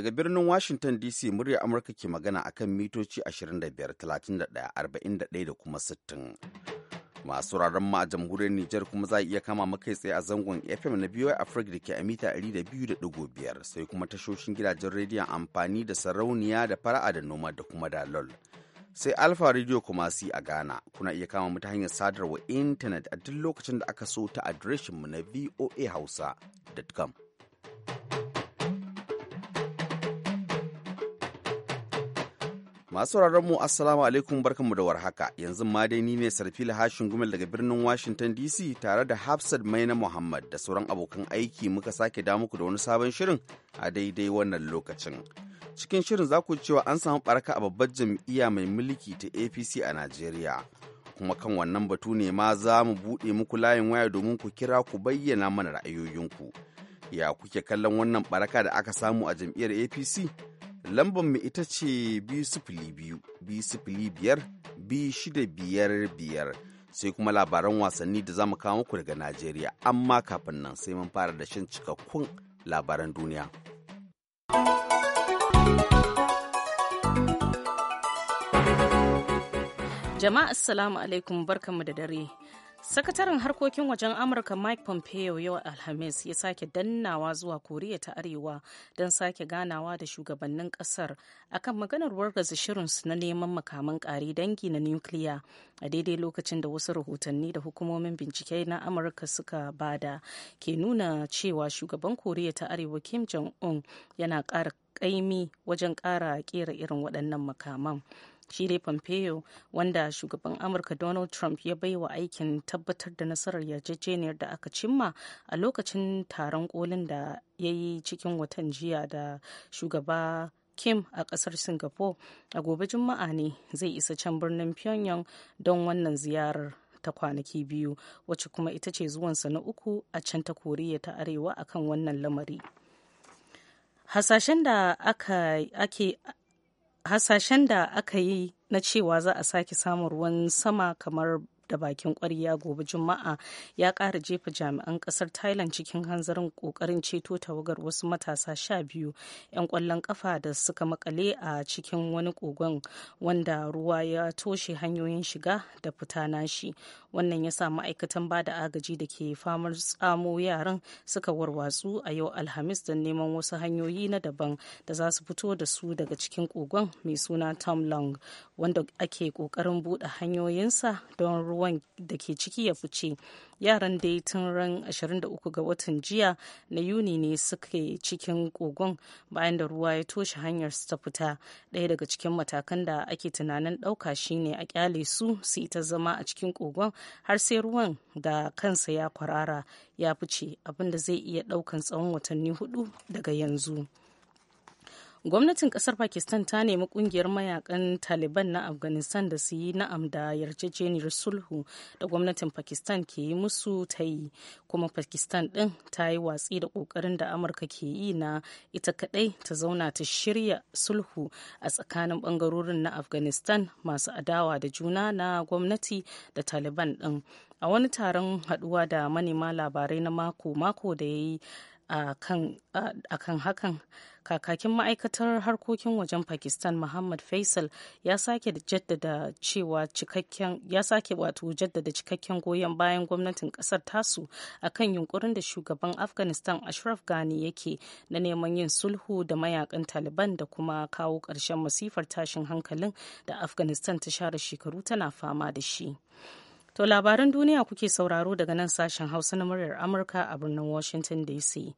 Daga birnin Washington DC murya Amurka ke magana a kan mitoci 25, 41 da kuma 60. Masu raron ma a jamhuriyar Nijar kuma za a iya kama makai tsaye a zangon FM na BY Africa da ke a mita 200.5 sai kuma tashoshin gidajen rediyon amfani da sarauniya da fara'a da noma da kuma dalol. Sai Alfa Radio kuma si a Ghana kuna iya kama mata hanyar sadarwa intanet a duk lokacin da aka so ta adireshinmu na voahausa.com. Masu mu Assalamu alaikum barkanmu da warhaka yanzu ma dai ni ne sarfila hashin gumel daga birnin Washington DC tare da Hafsat Maina Muhammad da sauran abokan aiki muka sake da muku da wani sabon shirin a daidai wannan lokacin. Cikin shirin za ku cewa an samu baraka a babbar jam'iyya mai mulki ta APC a Najeriya. Kuma kan wannan batu ne ma za mu buɗe muku layin waya domin ku kira ku bayyana mana ra'ayoyinku. Ya kuke kallon wannan baraka da aka samu a jam'iyyar APC? lambar mu ita ce biyu sifili biyu biyu sifili biyar biyu shida biyar biyar sai kuma labaran wasanni da za mu kawo muku daga najeriya amma kafin nan sai mun fara da shan cikakkun labaran duniya jama'a assalamu alaikum barkanmu da dare sakataren harkokin wajen amurka mike pompeo yau alhamis ya sake dannawa zuwa koriya ta arewa don sake ganawa da shugabannin kasar akan maganar wargaza shirinsu na neman makaman kare dangi na nukiliya a daidai lokacin da wasu rahotanni da hukumomin bincike na amurka suka bada ke nuna cewa shugaban koriya ta arewa kim jong-un yana ƙara kaimi wajen ƙara ƙera irin waɗannan makaman shi dai pompeo wanda shugaban amurka donald trump ya bai wa aikin tabbatar da nasarar yarjejeniyar da aka cimma a lokacin taron kolin da ya yi cikin watan jiya da shugaba Kim a kasar Singapore a gobe Juma'a ne zai isa can birnin Pyongyang don wannan ziyarar ta kwanaki biyu wacce kuma ita ce zuwansa na uku a can ta Koriya ta Arewa akan wannan lamari. Hasashen da aka, ake hasashen da aka yi na cewa za a sake samun ruwan sama kamar da bakin kwarya gobe juma'a ya kara jefa jami'an kasar thailand cikin hanzarin kokarin ceto tawagar wasu matasa sha biyu 'yan kwallon kafa da suka makale a cikin wani kogon wanda ruwa ya toshe hanyoyin shiga da fita nashi wannan ya sa ma'aikatan ba da agaji da ke famar tsamo yaran suka warwatsu a yau alhamis don neman wasu hanyoyi na daban da za su fito da su daga cikin kogon mai suna tom long wanda ake kokarin buɗe hanyoyinsa don ruwa ruwan da ke ciki ya fice yaran dai tun ran 23 ga watan jiya na yuni ne suke cikin kogon bayan da ruwa ya toshe hanyar su ta fita ɗaya daga cikin matakan da ake tunanin ɗauka shine a kyale su su ita zama a cikin kogon har sai ruwan da kansa ya kwarara ya fice abinda zai iya ɗaukan tsawon watanni hudu daga yanzu. gwamnatin kasar pakistan ta nemi kungiyar mayakan taliban na afghanistan da su yi na'am da yarjejeniyar sulhu da gwamnatin pakistan ke yi musu ta yi kuma pakistan din ta yi watsi da kokarin da amurka ke yi na ita kadai ta zauna ta shirya sulhu a tsakanin bangarorin na afghanistan masu adawa da juna na gwamnati da taliban din a wani taron haduwa da manema labarai na mako-mako da ya yi a kan hakan kakakin ma'aikatar harkokin wajen pakistan muhammad faisal ya sake jaddada cewa cikakken ya sake wato jaddada cikakken goyon bayan gwamnatin kasar tasu akan yunkurin da shugaban afghanistan ashraf ghani yake na neman yin sulhu da mayakan taliban da kuma kawo karshen masifar tashin hankalin da afghanistan ta share shekaru tana fama da shi To labaran duniya kuke sauraro daga nan sashen Hausa na muryar Amurka a birnin Washington DC.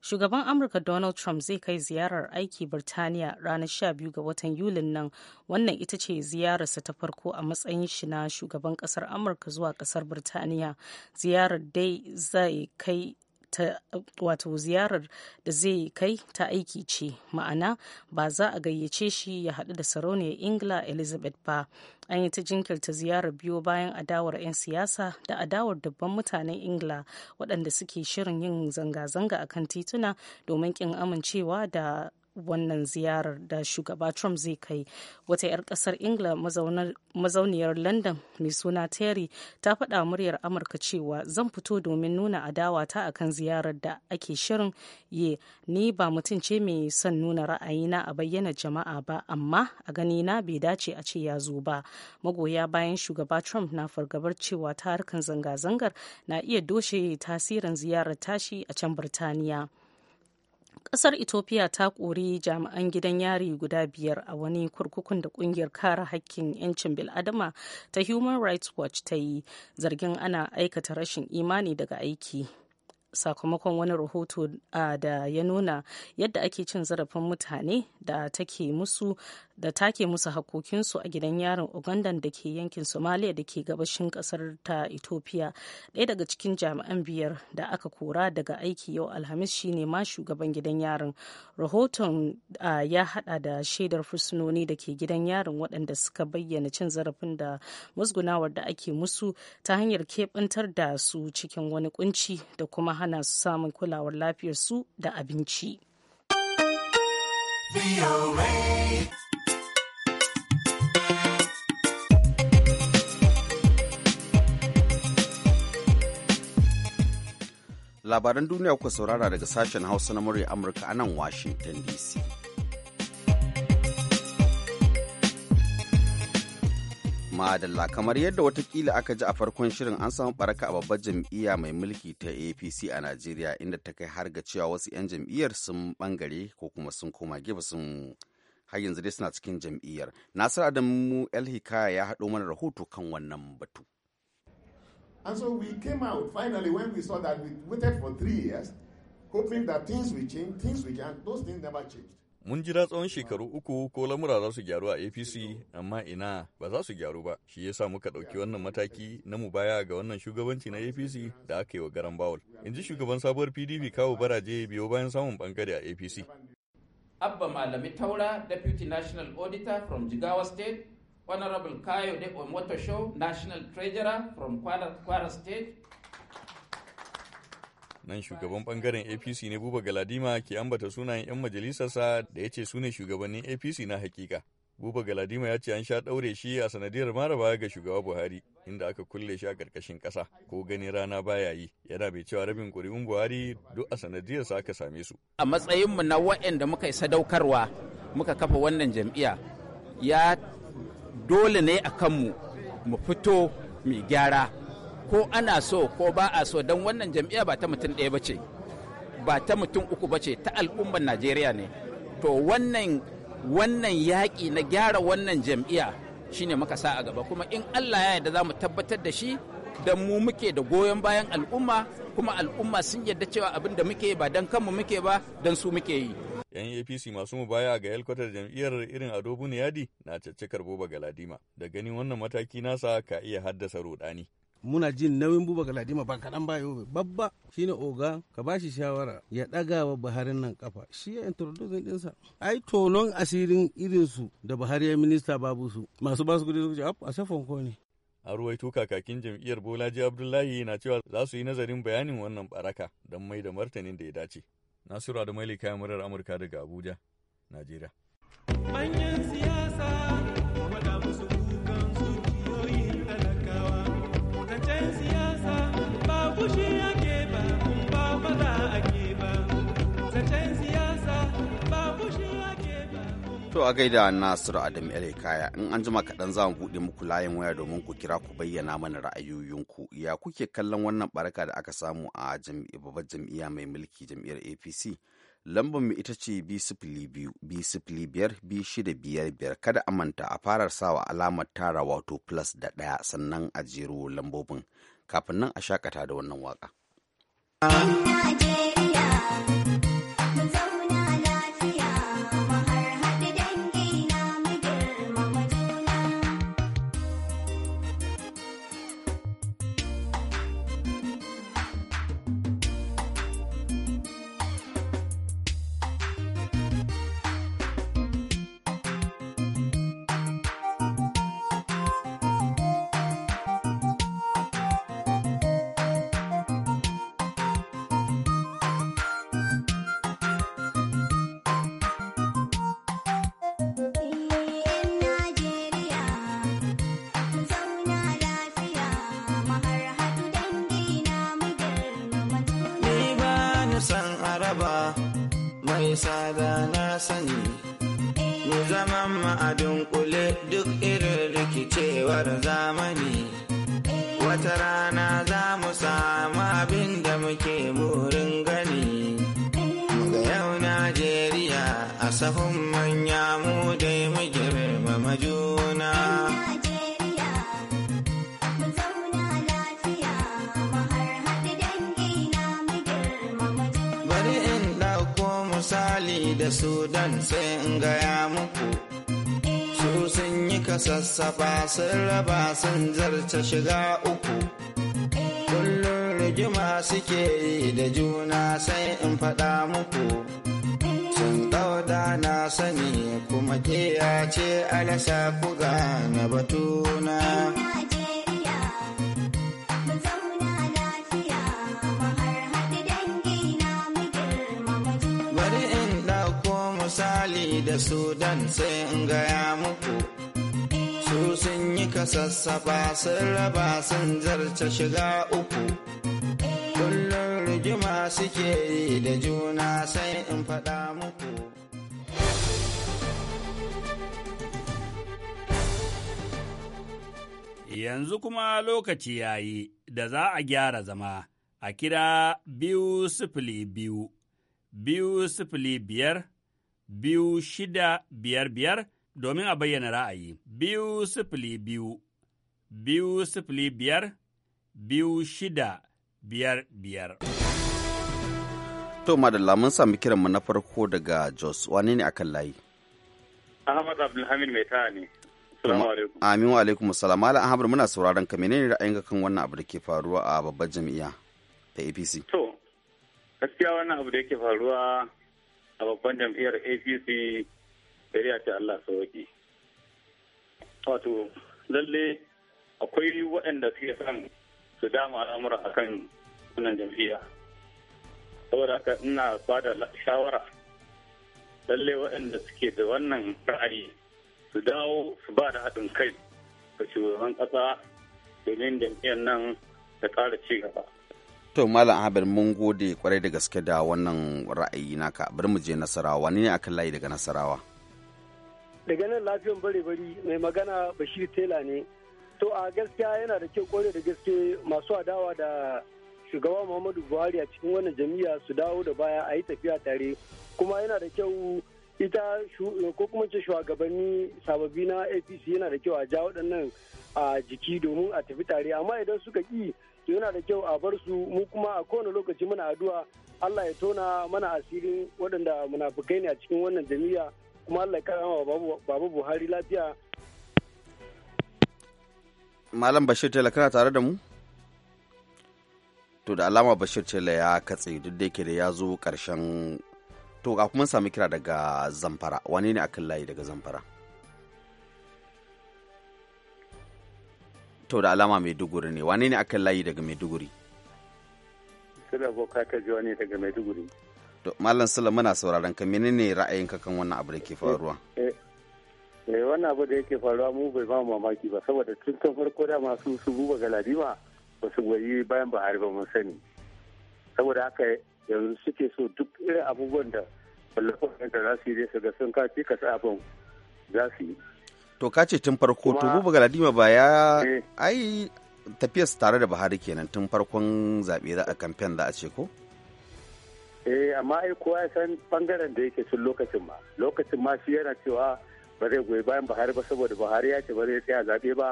shugaban amurka donald trump zai kai ziyarar aiki birtaniya ranar 12 ga watan yulin nan wannan ita ce ziyararsa ta farko a matsayin shi na shugaban kasar amurka zuwa kasar birtaniya ziyarar dai zai kai ta wato ziyarar da zai kai ta aiki ce ma'ana ba za a gayyace shi ya haɗu da sarauniyar ingila elizabeth ba an yi ta jinkirta ziyarar biyo bayan adawar 'yan siyasa da adawar dubban mutanen ingila waɗanda suke shirin yin zanga-zanga a kan tituna domin ƙin amincewa da wannan ziyarar da shugaba trump zai kai wata 'yar kasar ingila mazauniyar london mai suna terry ta faɗa muryar amurka cewa zan fito domin nuna adawa ta akan ziyarar da ake shirin ye ni ba mutum ce mai son nuna ra'ayina a bayyana jama'a ba amma a gani na bai dace a ce ya zo ba magoya bayan shugaba trump na fargabar cewa ta harkan zanga-zangar na iya doshe tasirin ziyarar tashi a can birtaniya kasar ethiopia ta kori jami'an gidan yari guda biyar a wani kurkukun da kungiyar kare hakkin 'yancin bil'adama ta human rights watch ta yi zargin ana aikata rashin imani daga aiki sakamakon wani rahoto da ya nuna yadda ake cin zarafin mutane da take musu da take musu hakokinsu a gidan yarin uganda da ke yankin somalia da ke gabashin kasar ta ethiopia ɗaya daga cikin jami'an biyar da aka kora daga aiki yau alhamis shine ma shugaban gidan yarin rahoton ya hada da shaidar fursunoni da ke gidan yarin waɗanda suka bayyana cin zarafin da musgunawar da ake musu ta hanyar keɓantar da su cikin wani kunci da kuma hana su samun kulawar lafiyarsu da abinci. Labaran duniya kuka saurara daga sashen Hausa na murya Amurka a nan Washington DC. madalla kamar yadda watakila aka ji a farkon shirin an samu baraka a babbar jam'iyya mai mulki ta apc a najeriya inda ta kai har ga cewa wasu 'yan jam'iyyar sun bangare ko kuma sun koma gefe sun har yanzu dai suna cikin jam'iyyar nasir adamu el hikaya ya haɗo mana rahoto kan wannan batu and so we came out finally when we saw that we waited for three years hoping that things will change things will change those things never changed Mun jira tsawon shekaru uku ko lamura za su gyaru a APC, amma ina ba za su gyaru ba. Shi yasa muka ɗauki wannan mataki na mu baya ga wannan shugabanci na APC da aka yi wa garan bawul. In ji shugaban sabuwar PDP kawo baraje biyo bayan samun bangare a APC. Abba Malami Taura, Deputy National Auditor from Jigawa State, Honorable Kayo De Omotosho, National Treasurer from Kwara State, Nan shugaban bangaren APC ne Buba Galadima ke ambata sunayen 'yan majalisarsa da ya ce su ne shugabannin APC na hakika. Buba Galadima ya ce an sha ɗaure shi a sanadiyar maraba ga shugaba Buhari inda aka kulle shi a ƙarƙashin ƙasa ko gani rana baya yi yana bai cewa rabin ƙuri'un Buhari duk a sanadiyar sa aka same su. A matsayinmu na waɗanda muka yi sadaukarwa muka kafa wannan jam'iya ya dole ne a kanmu mu fito mai gyara ko ana so ko ba a so don wannan jam'iyya ba ta mutum ɗaya ba ce ba ta mutum uku ba ce ta al'ummar najeriya ne to wannan wannan yaƙi na gyara wannan jam'iyya shine muka sa a gaba kuma in allah ya yarda za mu tabbatar da shi don mu muke da goyon bayan al'umma kuma al'umma sun yarda cewa abin da muke ba don kanmu muke ba don su muke yi yan apc masu mu baya ga yalkwatar jam'iyyar irin ado yadi na caccakar boba galadima da ganin wannan mataki nasa ka iya haddasa rudani muna jin nauyin buba galadima ba kaɗan ba yau babba shine oga ka ba shi shawara ya ɗaga wa buharin nan kafa shi ya introduce ɗinsa ai tonon asirin irinsu da buhari ya minista babu su masu ba su kudi su a safon ko ne a ruwaito kakakin jam'iyyar bolaji abdullahi na cewa za su yi nazarin bayanin wannan baraka don mai da martanin da ya dace nasiru da kayan murar amurka daga abuja najeriya manyan siyasa To a gaida Nasiru Adam Ele Kaya in an jima kaɗan za mu buɗe muku layin waya domin ku kira ku bayyana mana ra'ayoyinku ya kuke kallon wannan baraka da aka samu a babbar jam'iyya mai mulki jam'iyyar APC. Lambar mu ita ce b biyu biyar b shida biyar biyar kada a manta a fara sawa alamar tara wato plus da ɗaya sannan a jero lambobin kafin nan a shakata da wannan waka. nisa da na sani mu zaman ma'adin kule duk irin rikicewar zamani wata rana za mu samu abin da muke burin gani ga yau najeriya a sahun da dan sai in gaya muku su sun yi kasassafa sun raba sun zarta shiga uku kullum rigima suke yi da juna sai in faɗa muku sun ɗauda na sani kuma ce alasa ku na batuna. da sudan sai in gaya muku su sun yi kasassaba sun raba sun zarce shiga uku kullum rigima suke yi da juna sai in faɗa muku yanzu kuma lokaci ya yi da za a gyara zama a kira biyu sifili biyu biyu sifili biyar biyu shida biyar biyar domin a bayyana ra'ayi. Biyu sifili biyu, biyu sifili biyar, biyu shida biyar biyar. To madalla mun sami kiranmu na farko daga Jos wane ne akan layi? Ahmad Abdulhamid mai ta ne. Amin wa alaikum salam. Malam Ahmad muna sauraron ka menene ka kan wannan abu da ke faruwa a babbar jami'a ta APC? To, gaskiya wannan abu da yake faruwa a babban jam'iyyar apc shari'a ta allah sauki wato lalle akwai waɗanda suke son su dama al'amura a kan wannan jam'iyya saboda haka ina ba da shawara lalle waɗanda suke da wannan ra'ayi su dawo su ba da haɗin kai ga shugaban ƙasa domin jam'iyyar nan ta ƙara ci gaba to malam ahmed mun gode kwarai da gaske da wannan ra'ayi naka bari mu je nasarawa ne akan layi daga nasarawa daga nan lafiyan bare bari mai magana bashir tela ne to a gaskiya yana da kyau kwarai da gaske masu adawa da shugaba muhammadu buhari a cikin wannan jami'a su dawo da baya a yi tafiya tare kuma yana da kyau ita ko kuma ce shugabanni sababbi na apc yana da kyau a ja waɗannan a jiki domin a tafi tare amma idan suka ƙi to yana da kyau a bar su mu kuma a kowane lokaci muna addu'a Allah ya tona mana asirin waɗanda munafukai ne a cikin wannan jami'a kuma Allah ya karama babu Buhari lafiya. Malam Bashir Tela kana tare da mu? To da alama Bashir Tela ya katse duk da yake da ya zo ƙarshen to a kuma sami kira daga Zamfara wani ne akan layi daga Zamfara? to da alama maiduguri ne wane ne aka layi daga maiduguri sula boka jiwa ne daga maiduguri to malam sula muna sauraron ka menene ra'ayinka kan wannan abu da ke faruwa eh, eh, eh wannan abu da yake faruwa mu bai ba mamaki ba saboda tun ta farko da masu su buba galadima ba su goyi bayan buhari ba mun sani saboda haka yanzu suke so duk irin abubuwan da wallafa da za su yi su ga sun kaci ka sa abin za su yi to ka ce tun farko to buba galadima ba ya eh. ai tafiyar tare da buhari kenan tun farkon zaɓe za a kamfen za a ce ko eh amma ai kowa ya san bangaren da yake sun lokacin ma lokacin ma shi yana cewa ba zai goyi bayan buhari ba saboda buhari ya ce ba zai tsaya zaɓe ba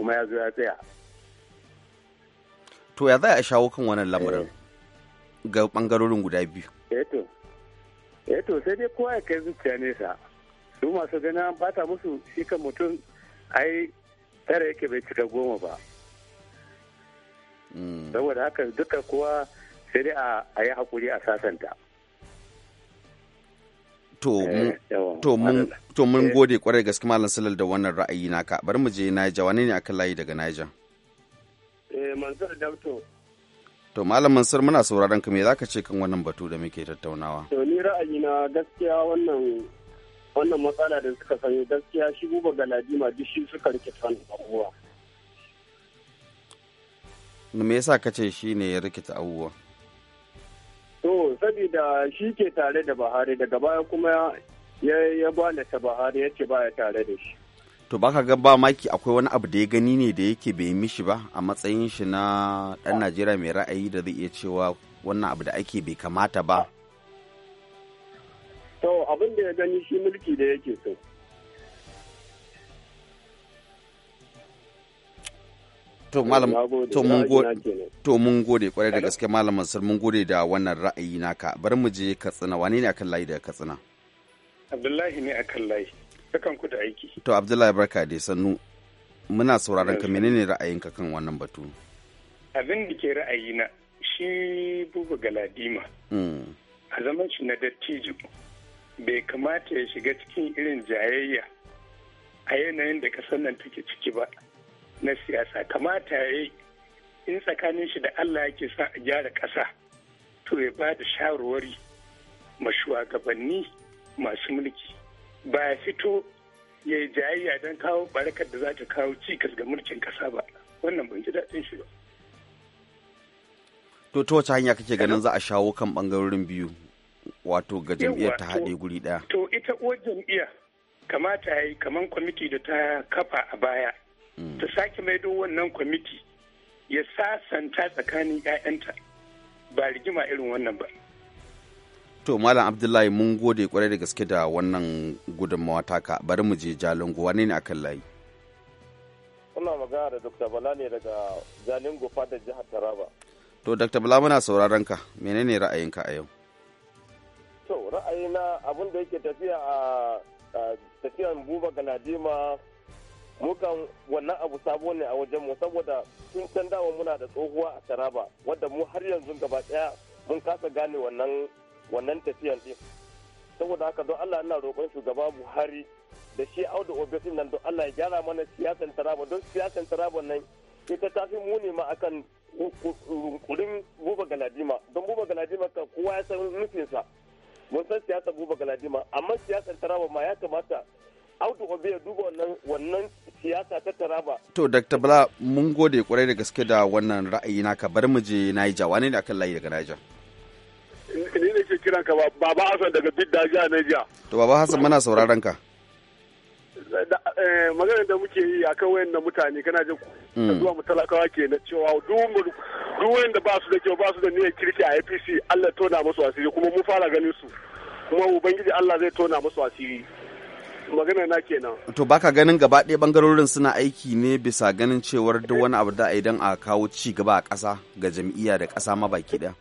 kuma ya zo ya tsaya to ya za a shawo kan wannan lamarin eh. ga bangarorin guda biyu eh, eh to sai dai kowa ya kai zuciya nesa su masu gani an bata musu shi kan mutum ai tara yake bai cika goma ba hmm. saboda haka duka kowa sai dai a yi hakuri a sasanta to eh, mun eh. gode kwarai gaske malam salal da wannan ra'ayi naka bari mu je naija wani ne akan layi daga naija eh, mansur to malam mansur muna sauraron ka me zaka ce kan wannan batu da muke tattaunawa to ni ra'ayi na gaskiya wannan wannan matsala da suka sanyo gaskiya shi guba galadima duk shi suka rikita abubuwa me yasa ka ce shi ne ya rikita abubuwa to saboda shi ke tare da bahari daga baya kuma ya ya ta bahari ya ce baya tare da shi to baka ga ba maki akwai wani abu da ya gani ne da yake bai mishi ba a matsayin shi na dan najeriya mai ra'ayi da zai iya cewa wannan abu da ake bai kamata ba abin da ya gani shi mulki da yake so to malam to mun gode to mun gode kwarai da gaske malam Mansur mun gode da wannan ra'ayi naka bari mu je Katsina wane ne akan layi da Katsina Abdullahi ne akan layi dukan ku da aiki to Abdullahi barka dai sannu muna sauraron ka menene ra'ayinka kan wannan batu abin da ke ra'ayi na shi buba galadima hmm. a zaman shi na dattijo bai kamata ya shiga cikin irin jayayya a yanayin da kasar nan take ciki ba na siyasa kamata ya yi in tsakanin shi da allah yake sa a gyara ƙasa to ya ba da shawarwari ma shugabanni masu mulki ba ya fito ya yi jayayya don kawo barakar da za ta kawo cikas ga mulkin ƙasa ba wannan ban ji daɗin shi ba to ta wace hanya kake ganin za a shawo kan ɓangarorin biyu wato ga jam'iyyar ta haɗe guri ɗaya. To ita uwar jam'iyyar kamata ya yi kamar kwamiti da ta kafa a baya mm. ta sake maido wannan kwamiti ya sasanta tsakanin 'ya'yanta ba rigima irin wannan ba. To Malam Abdullahi mun gode kwarai da gaske da wannan gudunmawa taka bari mu je Jalingo wane ne akan layi? Kuna magana da Dr. Bala ne daga Jalingo fadar jihar Taraba. To Dr. Bala muna sauraron ka menene ra'ayinka a yau? ra'ayi na abin da yake tafiya a tafiyan buba galadima mukan wannan abu sabo ne a wajen mu saboda sun can dawa muna da tsohuwa a taraba wadda mu har yanzu gaba daya mun kasa gane wannan tafiyan din saboda haka don Allah ina roƙon shugaba Buhari da shi Audu Obesin nan don Allah ya gyara mana siyasan taraba don siyasan taraba nan ita ta fi muni ma akan kurin buba galadima don buba galadima ka kowa ya san nufinsa mun san siyasar buba galadima amma siyasar taraba ma ya kamata auto obe ya duba wannan wannan siyasa ta taraba to dr bala mun gode kwarai da gaske da wannan ra'ayi naka bari mu je naija wani ne akan layi daga naija ni ne ke kiran ka baba hasan daga bidda jiya naija to baba hasan muna sauraron ka Eh, maganar da muke yi akan wayan na mutane kana jin mm. zuwa mu talakawa ke na cewa duk wayan da ba su da kyau ba su da niyyar kirki a APC Allah tona musu asiri kuma mu fara ganin su kuma ubangiji Allah zai tona musu asiri magana na kenan to baka ganin gaba ɗaya bangarorin suna aiki ne bisa ganin cewar duk wani abu da idan a kawo ci gaba a ƙasa ga jam'iyya da ƙasa ma baki ɗaya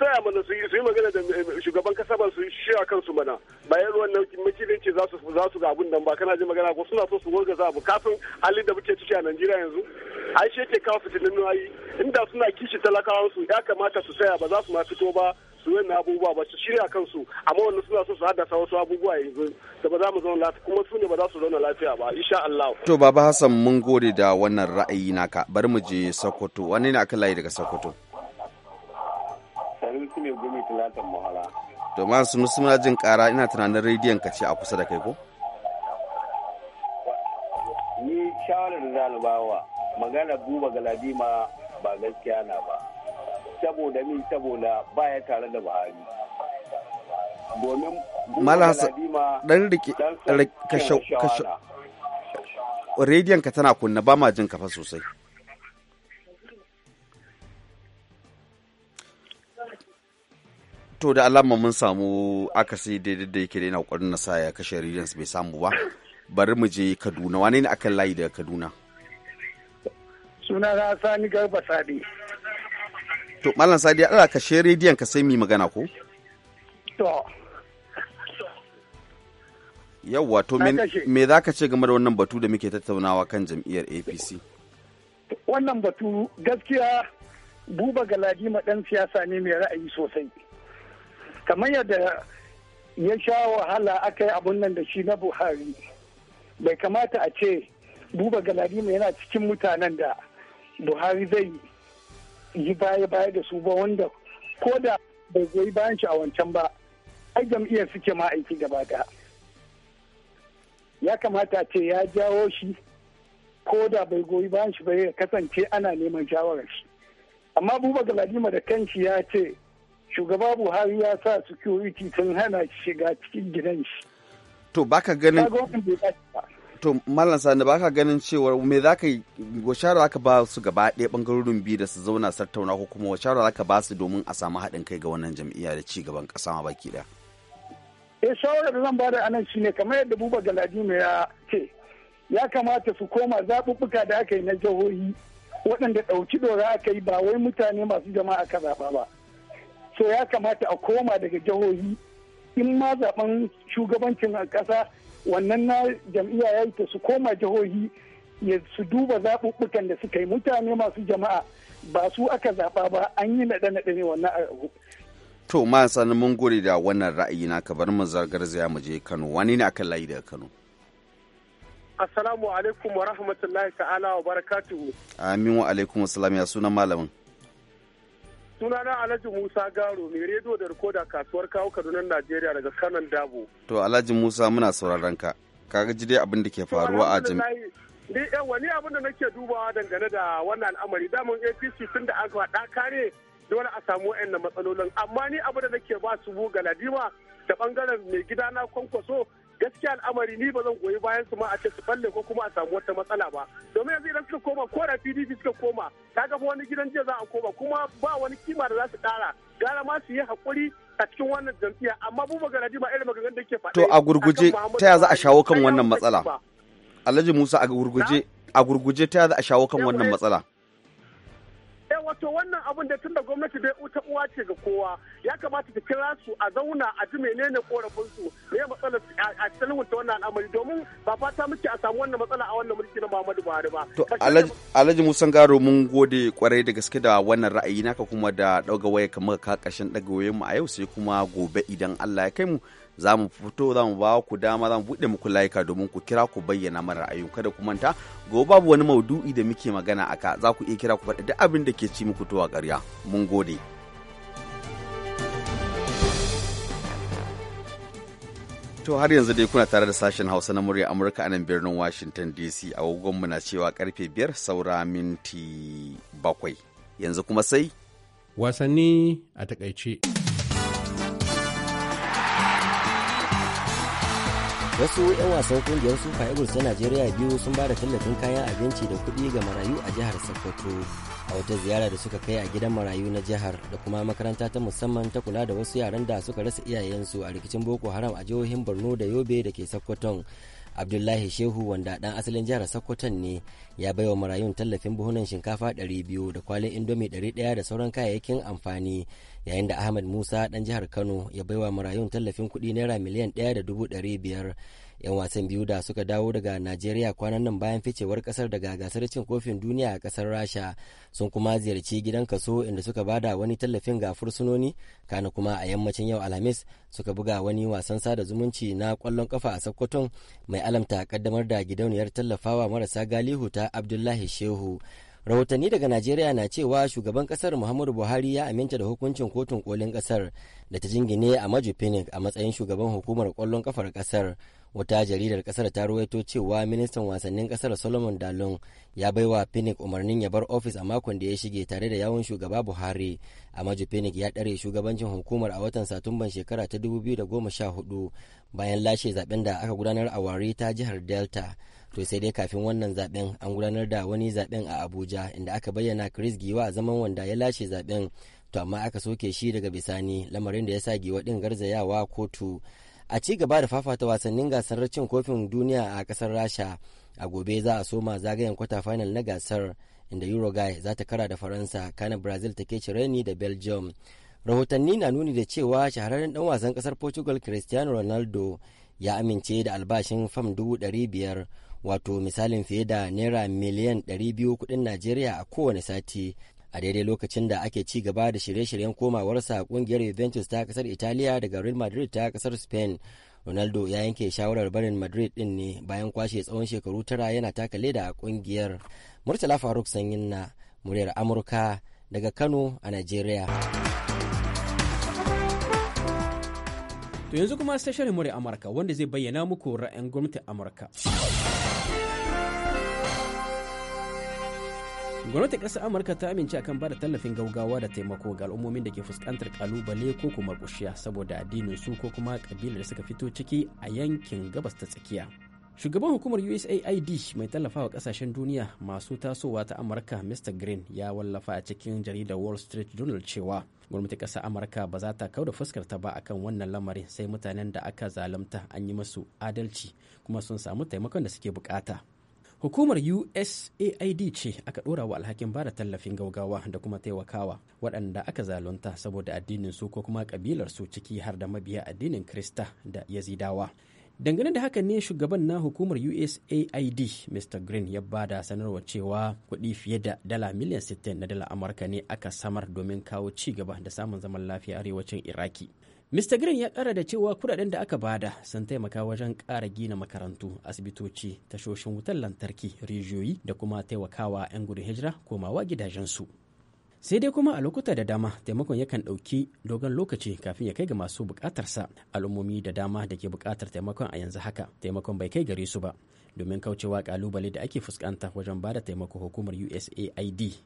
saya mana su yi magana da eh, shugaban kasa ba su shi a kansu mana bayan ruwan nan makilin ce za su za su ga abin nan ba kana ji magana ko suna so su za abu kafin halin da muke ciki a Najeriya yanzu ai shi yake kawo fitinin ayi inda suna kishi talakawan su ya kamata su saya ba za su ma fito ba su wannan abubuwa ba su shirya kansu amma wannan suna so su haddasa wasu abubuwa yanzu da ba za mu zauna lafiya kuma su ne ba za su zauna lafiya ba insha Allah to baba Hassan mun gode da wannan ra'ayi naka bari mu je Sokoto wani ne aka layi daga Sokoto Ibrahim su ne gumi Talatan Mahara. To ma su muna jin kara ina tunanin rediyon ka ce a kusa da kai ko? Ni shawarar da zan bawa magana buba galadima ba gaskiya na ba. Saboda min saboda baya tare da Buhari. Domin Mala dan rike ka kashe rediyon ka tana kunna ba ma jin kafa sosai. to da alama mun samu akasi daidai da yake daina kokarin na sa ya kashe regions bai samu ba bari mu je kaduna wane ne akan layi daga kaduna suna sani garba sadi to malam sadi ala kashe rediyon ka sai mu magana ko to yawwa to me za ka ce game da wannan batu da muke tattaunawa kan jam'iyyar apc wannan batu gaskiya buba galadima dan siyasa ne mai ra'ayi sosai kamar yadda ya sha wahala aka yi abun nan da shi na buhari bai kamata a ce buba galadima yana cikin mutanen da buhari zai yi baya-baya da su ba wanda ko da bai goyi bayan shi a wancan ba ai jam'iyyar suke ma aiki gaba da ya kamata a ce ya jawo shi ko da bai goyi bayan shi ba ya kasance ana neman shawarar shi amma buba galadima da kanshi ya ce shugaba buhari ya sa security sun hana shiga cikin gidan shi to baka ganin to mallam sani baka ganin cewa me zaka washara zaka ba su gaba ɗaya bangarorin biyu da su zauna su tattauna ko kuma washara zaka ba su domin a samu haɗin kai ga wannan jam'iyya da ci gaban ƙasa ma baki ɗaya eh shawarar da zan ba da anan shine kamar yadda buba galadima ya ce ya kamata su koma zaɓuɓɓuka da aka yi na jihohi waɗanda ɗauki dora aka yi ba wai mutane masu jama'a ka zaɓa ba so ya kamata a koma daga jihohi in ma zaben shugabancin a ƙasa wannan na jam'iyya ya yi ta su koma jihohi ya su duba zaɓuɓɓukan da suka yi mutane masu jama'a ba su aka zaɓa ba an yi naɗe-naɗe ne wannan abu. To ma sanin mun gode da wannan ra'ayi na ka bar mu zargar zaya mu je Kano wani ne aka layi daga Kano? Assalamu alaikum wa rahmatullahi ta'ala wa barakatuhu. Amin wa alaikum assalam ya sunan malamin. sunana alhaji musa garo mai rediyo da rikoda kasuwar kawo kaduna najeriya daga kanan dabo to alhaji musa muna sauraron ka kaga ji abin da ke faruwa a jami'a ni yawa eh, ni abin da nake dubawa dangane da wannan al'amari damun apc tun da aka faɗa kare dole a samu wayannan matsalolin amma ni abin da nake ba su bu galadima da bangaren mai gida na kwankwaso gaskiya al'amari ni ba zan goyi bayan su ma a ce su falle ko kuma a samu wata matsala ba domin yanzu idan suka koma ko da pdp suka koma ta ga wani gidan jiya za a koma kuma ba wani kima da za su kara gara ma su yi hakuri a cikin wannan jam'iyya amma buba garaji ba irin maganganun da ke faɗa to a gurguje ta ya za a shawo kan wannan matsala alhaji musa a gurguje a gurguje ta ya za a shawo kan wannan matsala wato wannan abin da tun da gwamnati dai uta uwa ce ga kowa ya kamata ta kira su a zauna a ji menene korafin su me matsalar a salwunta wannan al'amari domin ba fata muke a samu wannan matsala a wannan mulki na Muhammadu Buhari ba. To Alhaji Musan Garo mun gode kwarai da gaske da wannan ra'ayi naka kuma da dauga waya kamar ka ƙarshen ɗaga mu a yau sai kuma gobe idan Allah ya kai mu za mu fito za mu ba ku dama za mu buɗe muku layuka domin ku kira ku bayyana mara ra'ayi kada ku manta gobe babu wani maudu'i da muke magana aka za ku iya kira ku faɗi duk abin da ke ci muku towa ƙarya mun gode To har yanzu dai kuna tare da sashen Hausa na murya Amurka a nan birnin Washington DC a mu na cewa karfe biyar saura minti bakwai. Yanzu kuma sai? Wasanni a takaice. wasu 'yan wasan kungiyar super eagles ta najeriya biyu sun ba da tallafin kayan abinci da kuɗi ga marayu a jihar sokoto a wata ziyara da suka kai a gidan marayu na jihar da kuma makaranta ta musamman ta kula da wasu yaran da suka rasa iyayensu a rikicin boko haram a jihohin borno da yobe da ke sokoton abdullahi shehu wanda dan asalin jihar sokoton ne ya baiwa marayun tallafin buhunan shinkafa 200 da kwalin indomi 100 da sauran kayayyakin amfani yayin da ahmad musa dan jihar kano ya baiwa marayun tallafin kudi naira miliyan 1.5 'yan wasan biyu da suka dawo daga najeriya kwanan nan bayan ficewar kasar daga gasar cin kofin duniya a kasar rasha sun kuma ziyarci gidan kaso inda suka bada wani tallafin ga fursunoni kana kuma a yammacin yau alhamis suka buga wani wasan sada zumunci na kwallon kafa a sokoton mai alamta kaddamar da gidauniyar tallafawa marasa galihu ta abdullahi shehu rahotanni daga najeriya na cewa shugaban kasar muhammadu buhari ya aminta da hukuncin kotun kolin kasar da ta jingine a maju a matsayin shugaban hukumar kwallon kafar kasar wata jaridar kasar ta ruwaito cewa ministan wasannin kasar solomon dalon ya bai wa phoenix umarnin ya bar ofis a makon da ya shige tare da yawon shugaba buhari amaju phoenix ya ɗare shugabancin hukumar a watan satumban shekara ta 2014 bayan lashe zaben da aka gudanar a wari ta jihar delta to sai dai kafin wannan zaben an gudanar da wani zaben a abuja inda aka bayyana chris giwa a zaman wanda ya lashe zaben to amma aka soke shi daga bisani lamarin da ya sa giwa din garzayawa kotu a ci gaba da fafata wasannin gasar cin kofin duniya a kasar rasha a gobe za a soma zagayen kwata final na gasar inda uruguay za ta kara da faransa kana brazil ta ke cireni da belgium rahotanni na nuni da cewa shahararren dan wasan kasar portugal cristiano ronaldo ya amince da albashin fam dubu ɗari biyar wato misalin fiye da naira miliyan ɗari biyu kuɗin najeriya a kowane sati a daidai lokacin da ake ci gaba da shirye-shiryen komawarsa kungiyar juventus ta kasar italiya daga real madrid ta kasar spain ronaldo ya yanke shawarar barin madrid din ne bayan kwashe tsawon shekaru tara yana taka leda a kungiyar murtala faruk sanyin na muryar amurka daga kano a nigeria to yanzu kuma sai shirin murya amurka wanda zai bayyana muku ra'ayin gwamnatin amurka gwamnatin ƙasar amurka ta amince akan bada tallafin gaugawa da taimako ga al'ummomin da ke fuskantar kalubale ko kuma kushiya saboda addinin su ko kuma kabilar da suka fito ciki a yankin gabas ta tsakiya shugaban hukumar usaid mai tallafawa kasashen duniya masu tasowa ta amurka mr green ya wallafa a cikin jaridar wall street journal cewa gwamnatin ƙasar amurka ba za ta kau fuskar ta ba akan wannan lamarin sai mutanen da aka zalunta an yi musu adalci kuma sun samu taimakon da suke bukata Hukumar USAID ce aka ɗora wa alhakin bada tallafin gaugawa da kuma taimakawa waɗanda aka zalunta saboda addinin su ko kuma kabilar su ciki har da mabiya addinin Krista da Yazidawa. Dangane da haka ne shugaban na hukumar USAID Mr. Green ya ba da sanarwar cewa kuɗi fiye da dala miliyan 60 na dala Amurka ne aka samar domin kawo ci gaba da samun zaman lafiya arewacin Iraki. Mr. Green ya kara da cewa kudaden da aka bada sun taimaka wajen kara gina makarantu, asibitoci, tashoshin wutar lantarki, rijiyoyi da kuma taimakawa 'yan gudun hijira komawa gidajensu. Sai dai kuma a lokuta da dama taimakon yakan ɗauki dogon lokaci kafin ya kai ga masu buƙatarsa al'ummomi da dama da ke buƙatar taimakon a yanzu haka taimakon bai kai gare su ba domin kaucewa ƙalubale da ake fuskanta wajen bada taimako hukumar USAID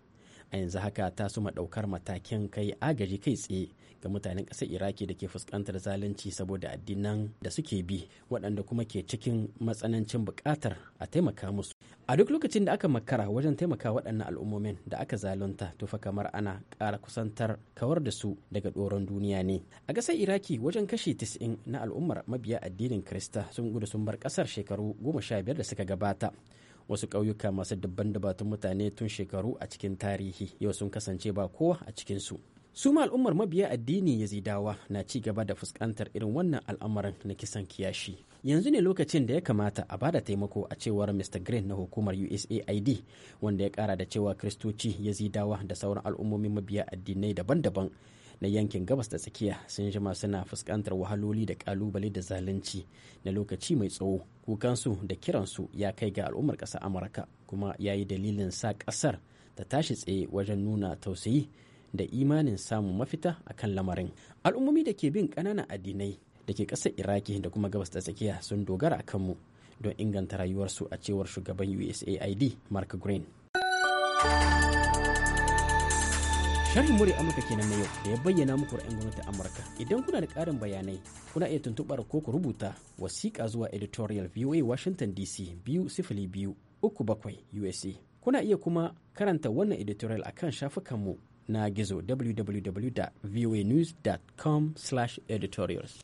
a yanzu haka ta suma ɗaukar matakin kai agaji kai tsaye ga mutanen ƙasar iraki da ke fuskantar zalunci saboda addinan da suke bi waɗanda kuma ke cikin matsanancin buƙatar a taimaka musu a duk lokacin da aka makara wajen taimaka waɗannan al'ummomin da aka zalunta tufa kamar ana ƙara kusantar kawar da su daga doron duniya ne a ƙasar iraki wajen kashi 90 na al'ummar mabiya addinin krista sun gudu sun bar ƙasar shekaru 15 da suka gabata wasu ƙauyuka masu dubban dabatun mutane tun shekaru a cikin tarihi yau sun kasance ba kowa a cikinsu su ma al'ummar mabiya addini yazidawa na ci gaba da fuskantar irin wannan al'amarin na kisan kiyashi yanzu ne lokacin da ya kamata a bada taimako a cewar mr green na hukumar usaid wanda ya kara da cewa kristoci yazidawa da sauran al'ummomin mabiya addinai daban-daban na yankin gabas da tsakiya sun jima suna fuskantar wahaloli da kalubale da zalunci na lokaci mai tsawo kukansu da kiransu ya kai ga al'ummar ƙasar amurka kuma ya yi dalilin sa ƙasar ta tashi tsaye wajen nuna tausayi da imanin samun mafita a kan lamarin al'ummomi da ke bin ƙananan addinai da ke ƙasar iraki da kuma gabas da tsakiya sun dogara a kanmu don inganta rayuwarsu a cewar shugaban usaid mark green Sharhin muri Amurka kenan na yau da ya bayyana muku ra'ayin gwamnatin Amurka. Idan kuna da ƙarin bayanai, kuna iya tuntuɓar ko ku rubuta wasiƙa zuwa editorial VOA Washington DC biyu sifili biyu uku bakwai USA. Kuna iya kuma karanta wannan editorial a kan shafukanmu na gizo www.voanews.com/editorials.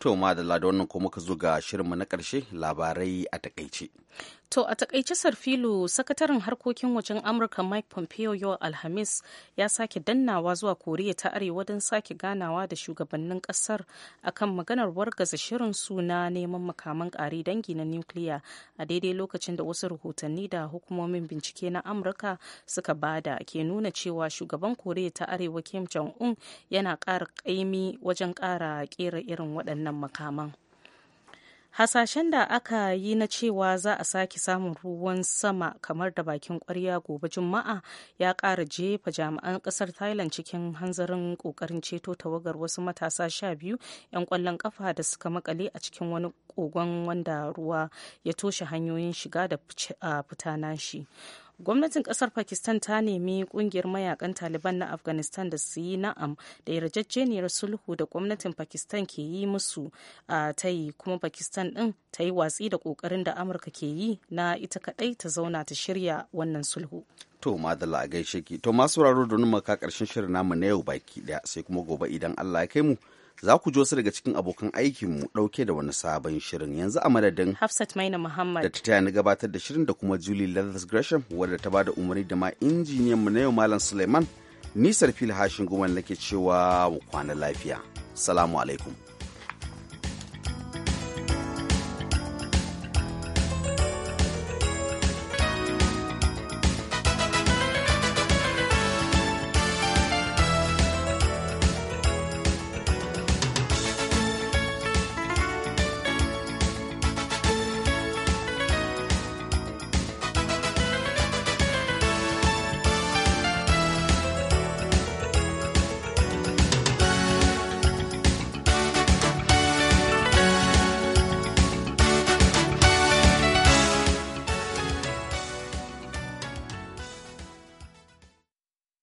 To madalla da wannan ko muka zo ga shirinmu na ƙarshe labarai a takaice. To a takaice Sarfilu sakataren harkokin wajen Amurka Mike Pompeo yau Alhamis ya sake dannawa zuwa Koriya ta Arewa don sake ganawa da shugabannin kasar akan maganar wargaza shirin suna neman makaman kare dangi na nukiliya a daidai lokacin da wasu rahotanni da hukumomin bincike na Amurka suka bada ke nuna cewa shugaban Koriya ta Arewa Kim Jong-un yana ƙara ƙaimi wajen ƙara ƙera irin waɗannan makaman. hasashen da aka yi na cewa za a sake samun ruwan sama kamar da bakin kwarya gobe juma'a ya ƙara jefa jami'an ƙasar thailand cikin hanzarin ƙoƙarin ceto tawagar wasu matasa sha biyu 'yan ƙwallon ƙafa da suka makale a cikin wani kogon wanda ruwa ya toshe hanyoyin shiga da fita nashi gwamnatin kasar pakistan ta nemi kungiyar mayakan taliban na afghanistan da su yi na'am da yarjejeniyar sulhu da gwamnatin pakistan ke yi musu a ta yi kuma pakistan din ta yi watsi da kokarin da amurka ke yi na ita kadai ta zauna ta shirya wannan sulhu to madalla a gaishe ki to masu sauraro da maka ka karshen shirin namu na yau baki daya sai kuma gobe idan allah ya kai mu za ku ji wasu daga cikin abokan aikinmu ɗauke da wani sabon shirin yanzu a madadin Hafsat Maina Muhammad da ta taya ni gabatar da shirin da kuma Julie Leathers Gresham wadda ta bada umarni da ma injiniyan mu na yau Malam Suleiman nisar fil hashin guman nake cewa mu kwana lafiya. Salamu alaikum.